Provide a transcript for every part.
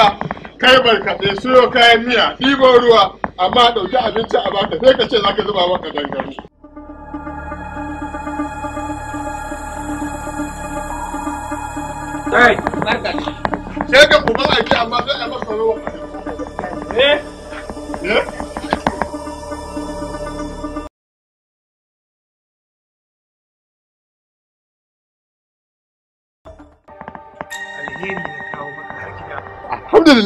banza kai barkaɗe siyo kayan miya ɗibo ruwa amma ɗauki abinci a baka sai ka ce za ka zuba maka dangane. Kai, Sai ka kuma aiki amma sai a masa ruwa. Eh? Eh?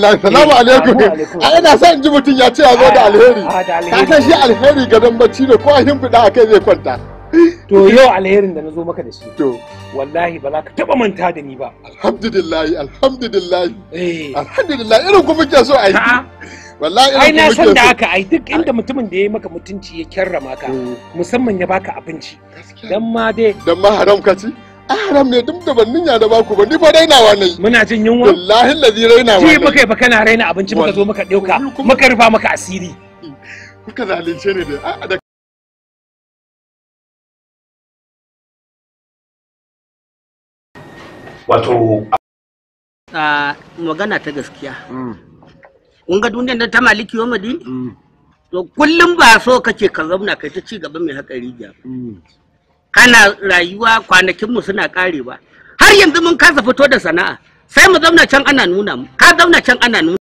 alhamdulillah eh, salamu alaikum a ah, ina sa in ji mutum ya ce ya zo da ah, alheri ah, ka san shi alheri ga dan bacci ne ko a himfida a kai zai kwanta to yau alherin da na zo maka da shi to wallahi ba za ka taba manta da ni ba alhamdulillah alhamdulillah eh. alhamdulillah irin ku muke so a yi wallahi irin ku muke so ai na san da haka ai duk inda mutumin da ya maka mutunci ya kyarrama ka eh. musamman ya baka abinci dan ma dai dan ma haram ka ci haram ne duk da ban ninya da baku ba ni fa rainawa ne muna jin yunwa wallahi lazi rainawa ne muka yi fa kana raina abinci muka zo muka dauka muka rufa maka asiri kuka zalunce ne da wato a magana ta gaskiya mm. kun ga duniyar da ta maliki yomadi mm. to kullum ba so kake ka zauna kai ta ci gaba mai haƙari rijiya kana rayuwa kwanakinmu suna karewa har yanzu mun kasa fito da sana'a sai mu zauna can ana nuna mu ka zauna can ana nuna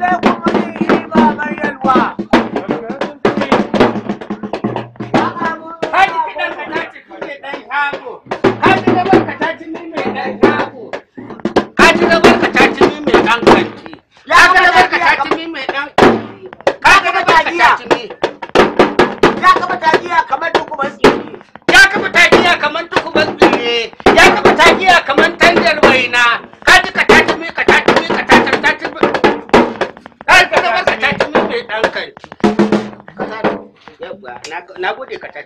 that na gode ka tashi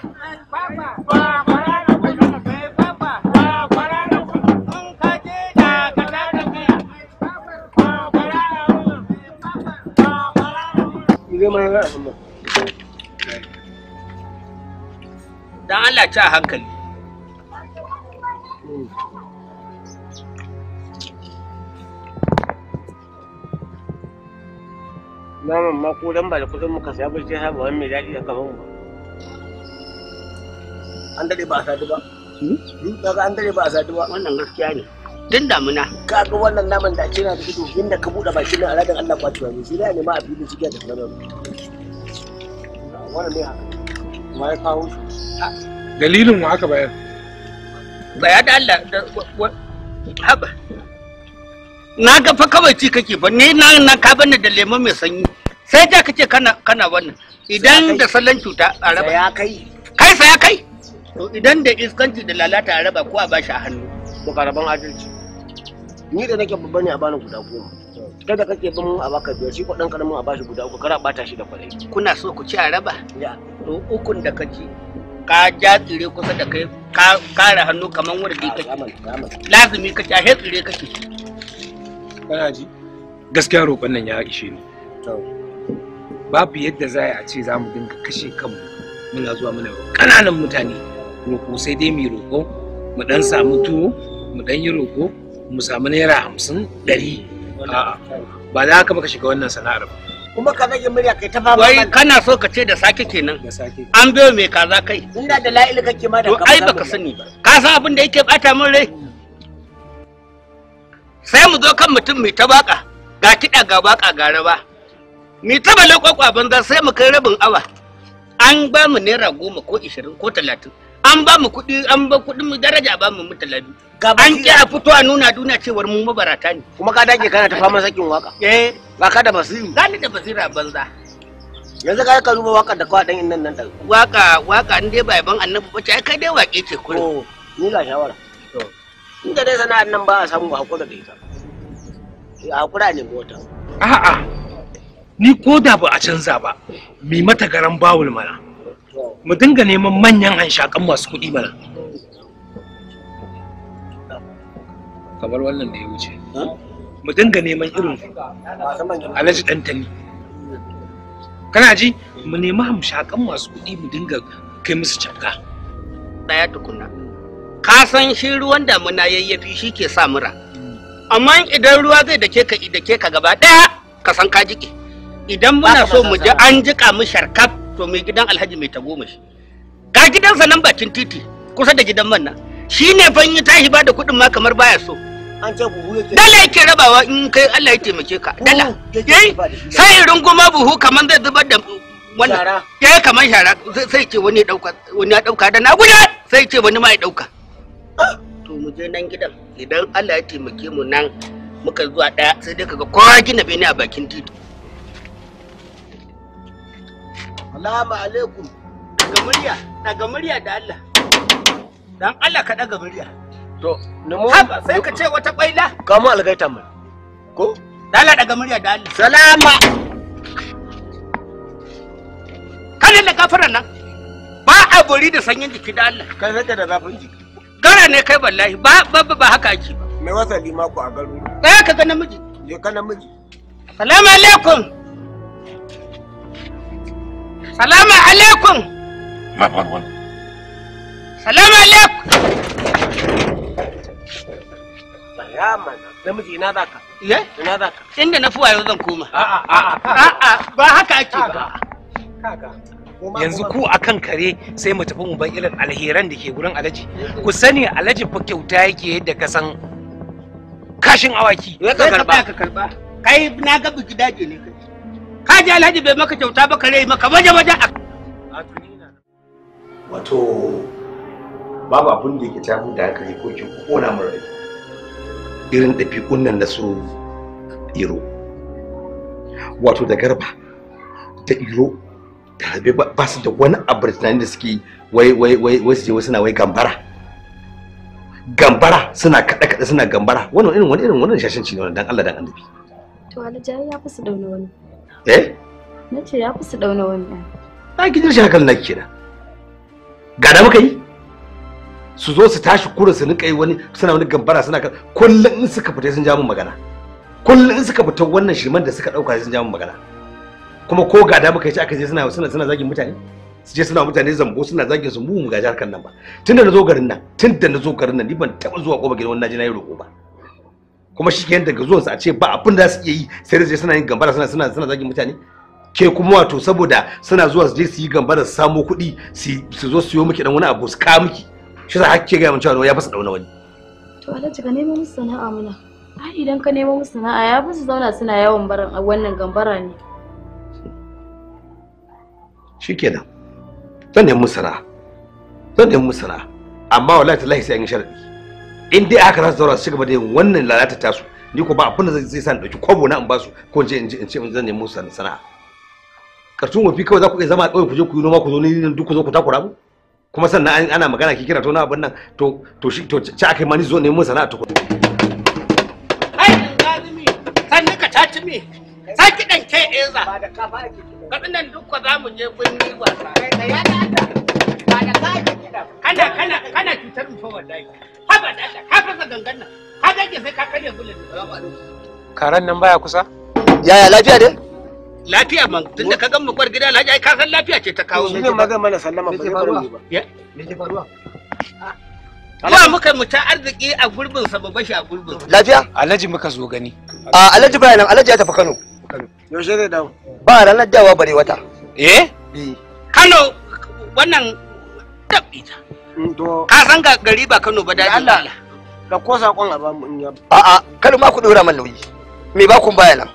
Dan Allah ci a hankali. Naman ma ko dan ba da kuɗin muka saya ba sai mai daɗi da kaman an dade ba a sadu ba hmm? kaga an dade ba a sadu ba wannan gaskiya ne tun damuna kaga wannan naman da ake na da ido inda ka bude bakin na aladar radan Allah kwacewa ne sai da ne ma a filin cikin da kamar wannan ne haka ma ya kawo dalilin wa aka bayar bayan Allah haba na ga fa kawai ci kake ba ni na na ka bani da lemon mai sanyi sai da ce kana kana wannan idan da sallan cuta a raba ya kai kai sai kai to idan da iskanci da lalata a raba ko a bashi a hannu to ka adalci ni da nake babba ne a bani guda goma Kada da kake bin a baka biyar shi kwaɗan karamin a bashi guda uku kar a bata shi da kwaɗai kuna so ku ci a raba ya to ukun da ka ci ka ja tsire kusa da kai ka kare hannu kamar wurdi kake lazumi kake a he tsire kake kana ji gaskiya roƙon nan ya ishe ni babu yadda za a ce za mu dinga kashe kanmu muna zuwa muna ƙananan mutane roƙo sai dai mu roƙo mu dan samu tuwo mu dan yi roƙo mu samu naira hamsin ɗari ba za ka baka shiga wannan sana'ar ba kuma ka zage murya kai ta fama wai kana so ka ce da sake kenan an biyo mai kaza kai ina da la'il kake ma da ai baka sani ba ka san abin da yake bata min rai sai mu zo kan mutum mai ta baka ga kiɗa ga baka ga raba mai ta balo kwakwa banza sai mu kai rabin awa an ba mu naira goma ko ishirin ko talatin an ba mu kuɗi an ba kuɗin mu daraja ba mu mutalabi an kira fito a nuna duniya cewar mu mabarata ne kuma ka dage kana ta fama sakin waka eh ba ka da basiri ni da basira banza yanzu ka ka ruba waka da kwa dan nan nan da waka waka in dai ba ban annabi ba ce kai dai wake ce kuri oh, ni ga shawara to in da dai sana'ar nan ba a samu hakura da ita hakura ne mota a'a ni ko da ba a canza ba mi mata garan bawul mana mu dinga neman manyan hanshakan masu kuɗi mana kamar wannan da ya wuce mu dinga neman irin alaji ɗantani kana ji mu nemi hamshakan masu kuɗi mu dinga kai musu canka ɗaya tukuna ka san shi ruwan damuna yayyafi shi ke sa mura amma idan ruwa zai dake ka idake ka gaba ɗaya ka san ka jike idan muna so mu ji an jika mu sharkaf to mai gidan alhaji mai tagomashi ga gidansa nan bakin titi kusa da gidan manna, shine shi ne fa tashi ba da kuɗin ma kamar baya so an ce buhu yake dala yake rabawa in kai Allah ya taimake ka dala eh, sai goma buhu kamar zai zubar da wannan ya eh, kamar shara sai ce wani dauka wani ya dauka da na guda sai ce wani ma ya dauka to mu je nan gidan idan Allah ya taimake mu nan muka zuwa daya sai dai kaga kowa gina bene a bakin titi Salamu alaikum. Daga murya, daga murya da Allah. Dan Allah ka daga murya. To, nemo. Haba sai ka ce wata baila. Ka mu algaita mu. Ko? Dala daga murya da Allah. Salama. Kana da kafara nan. Ba a gori da sanyin jiki da Allah. Kai nake da zafin jiki. Gara ne kai wallahi ba ba ba haka ake ba. Mai wasali mako a garu. Kai ka ga namiji. Je ka namiji. Salamu alaikum. Salamu alaikum. Ma farwan. Salamu alaikum. Baya mana, namiji ina za ka? Ina za Inda na fi wayo zan koma. A'a, a'a. A'a, ba haka ake ba. Kaga. yanzu ku akan kare sai mu tafi mu bar irin alheran da ke gurin alaji ku sani alaji fa kyauta yake yadda ka san kashin awaki ya ka karba kai na ga bugi daje ne ka ji alhaji bai maka kyauta ba kare maka baje baje a wato babu abun da yake tafi da yi ko ki kona mun rai irin dafi nan da su iro wato da garba ta iro da rabe ba su da wani abu da da suke wai wai wai wai su je suna wai gambara gambara suna kaɗe kaɗe suna gambara wannan irin wani irin wannan ci ne wannan dan Allah dan annabi to alhaji ya fi su da wani eh na ce ya fi su dauna wani ɗan a ki shi hakan na kenan ga da muka yi su zo su tashi kura su nika wani suna wani gambara suna kan kullum in suka fita sun ja mun magana kullum in suka fita wannan shirman da suka dauka sun ja mun magana kuma ko ga da muka yi aka je suna suna suna zagin mutane su je suna mutane zambo suna zagin su mu mu gaji harkan nan ba tunda na zo garin nan tunda na zo garin nan ni ban taba zuwa ko ba gidan wani naji na yi roƙo ba kuma shi kenan daga zuwansu a ce ba abin da su iya yi sai da suna yin gambara suna suna suna zagin mutane ke kuma wato saboda suna zuwa su je su yi gambara su samo kuɗi su zo su yi miki dan wani abu su ka miki shi sa hakke ga mun cewa ya fasa dauna wani to alhaji ka nemo musu sana'a muna ai idan ka nemo musu sana'a ya fi su zauna suna yawan barin wannan gambara ne shikenan zan nemi musu sana'a zan nemi musara. sana'a amma wallahi tallahi sai an yi sharadi in dai aka za zaura su gaba da yin wannan lalata ta su ni ko ba abin da zai sa ni dauki kwabo na in ba su ko in je in je in ce in zan nemi musu sana'a kartun wafi kawai za ku iya zama a ƙauye ku je ku yi noma ku zo ni duk ku zo ku takura mu kuma sannan ana magana ki kira to na abin nan to to shi to ci akai ma ni zo nemi sana'a tukun ai zalimi sanni ka taci me Sa kiɗan ke eza kaɗinan dukka za mu je birni wasa kana kana kana cutar mu fa wallahi haba da ka fasa gangan nan ka gaje sai ka karya bulin karan nan baya kusa yaya lafiya dai lafiya man tunda ka gan mu gida lafiya ai ka san lafiya ce ta kawo mu ne mana sallama ba me ke faruwa Ba muka mu ta arziki a gurbin sa ba bashi a gurbin. Lafiya? Alhaji muka zo gani. A ah, Alhaji bayanan Alhaji ya tafi Kano. Yaushe dawo? Ba ranar dawa bare wata. Eh? eh. Kano wannan dabita. Mm, ka san ga gari ba Kano ba daji Allah. Ga ko sakon a bamu in ya. A'a, kar ma ku dora man nauyi. Me ba ku baya nan?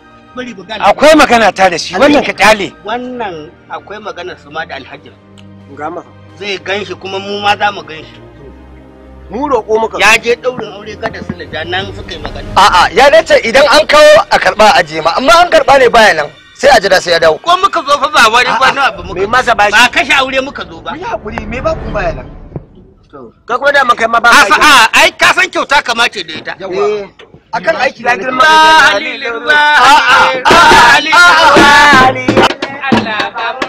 Akwai magana ta da shi wannan ka dale. Wannan akwai magana su ma da Alhaji. Ga ma Zai ganshi kuma mu ma za mu ganshi. mu roƙo muka ya je ɗaurin aure kada su na nan suka yi magana a'a ya dace idan an kawo a karɓa a jema amma an karɓa ne baya nan sai a jira sai ya dawo ko muka zo fa ba wani ba na abu muka masa ba ba kashe aure muka zo ba ya hakuri me ba kun baya nan ka kuma da makai ma ba a ai ka san kyauta kamace da ita akan eh, aiki na girma da Ali Ali Ali Allah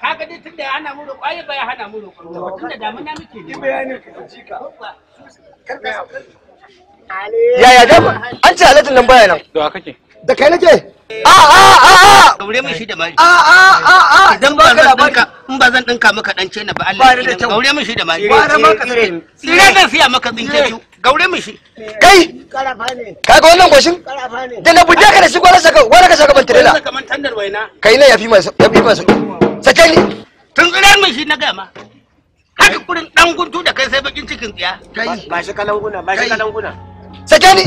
kaga dai tunda ya hana mu roƙo ai ba ya hana mu roƙo tunda yaya da an ce halatin nan baya nan da kake da kai nake a a a a shi da mari a a a a idan ba ka in ba zan dinka maka dan cena ba Allah ya daure min shi da mari ba da maka tsire tsire zan siya maka gaure shi kai kaga wannan goshin da na buje ka da shi gwara saka gwara ka saka tirela kai ne yafi mai yafi sake ni tun tsirar mai shi na gama haka kurin dan guntu da kai sai bakin cikin tsiya ba shi kalanguna ba shi kalanguna sake ni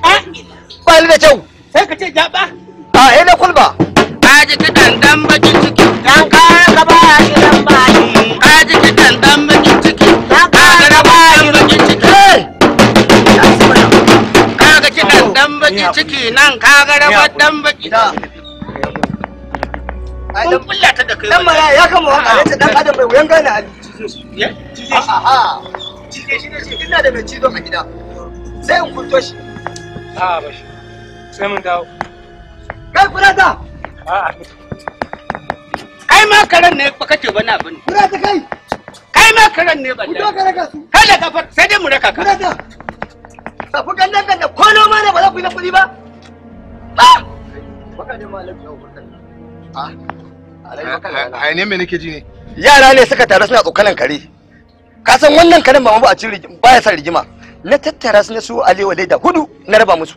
ba ni da kyau sai ka ce jaba a ina kulba ka ji kidan dan bakin ciki dan kare ka ba shi dan baki ka ji kidan dan bakin ciki dan kare ka ba shi bakin ciki ka ga kidan dan bakin ciki nan ka ga rabar dan bakin ciki kun kulla ta da kai dan mara ya kama waka ne ta dan adam wuyan gane a ya cizo shi a cizo shi ne shi ina da mai cizo a gida sai in kunto shi a ba shi sai mun dawo kai a kai ma karen ne ba kake bana bane kurata kai kai ma karen ne ba kuto ka su kada sai dai mu raka ka kurata tafi nan gandan ko noma ne ba za ku yi na kuɗi ba ba ah! baka Haine me nake ji ne? Yara ne suka taru suna tsokanan kare. Ka san wannan karen ba mu a cikin baya jima rigima. Na tattara su na su alewa leda hudu na raba musu.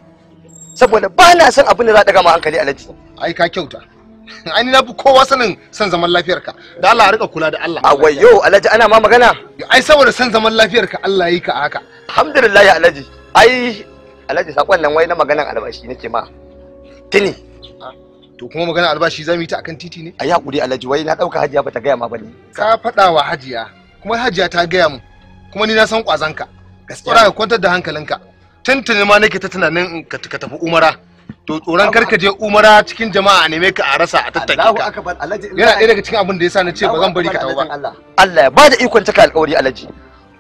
Saboda ba na son abin da za a daga ma hankali alaji. Ai ka kyauta. Ai na fi kowa sanin san zaman lafiyarka. Da Allah rika kula da Allah. A wayo alaji ana ma magana. Ai saboda san zaman lafiyarka Allah yi ka haka. Alhamdulillah alaji. Ai alaji saƙon nan wai na maganan albashi nake ma. Tini. to kuma magana albashi za mu yi ta akan titi ne a hakuri, alhaji wai na ɗauka hajiya bata gaya ma bane ka fada wa hajiya kuma hajiya ta gaya mu kuma ni na san ƙwazanka gaskiya ka kwantar da hankalinka tantane ma nake ta tunanin ka tafi umara to tsoron karka je umara cikin jama'a a neme ka a rasa a tattake ka yana ɗaya daga cikin abin da yasa na ce ba zan bari ka tawo ba Allah ya bada ikon cika alƙawari alhaji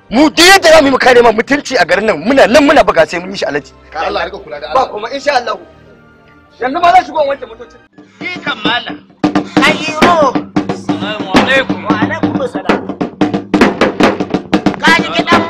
mu duk yadda za mu yi mu kare ma mutunci a garin nan muna nan muna buga sai mun yi shi alhaji ka Allah ya rika kula da Allah ba kuma insha Allah yanzu ba zan shigo in wanke motocin shi kan malam ayyiro alaikum wa alaikum kidan